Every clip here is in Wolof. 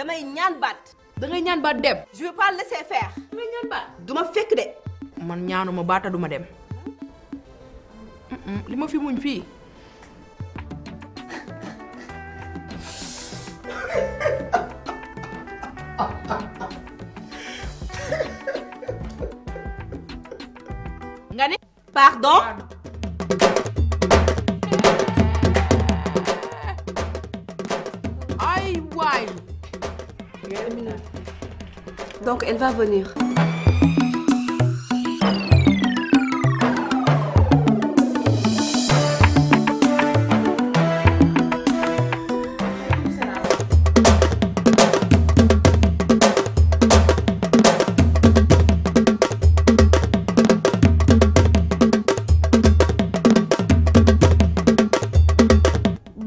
damay ñaan baat. da ngay ñaan baat je vais pas laisser faire. damay ñaan baat duma fekk de. man ñaanuma baata duma dem. fi muñ fi Je pardon. Donc elle va venir.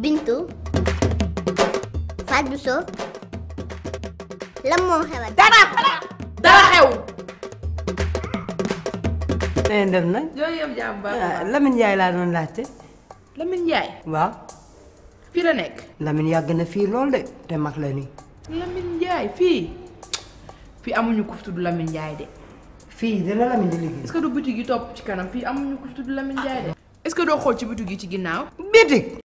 Bintou, Fat lan moo xewal dara dara xew. nee dem nañ. yooyu yëpp laa doon laajte. Lamine Ndiaye. waaw. fii la nekk. Lamine yàgg na fii lool de te mag la nii. Lamine Ndiaye fii. fii amuñu ku fi tudd Lamine Ndiaye de. fii dina Lamine di liggéey. est-ce du boutique yi topp ci kanam fii amuñu ku fi tudd Lamine de. Ah. est-ce que doo xool ci boutique yi ci ginnaaw. bitig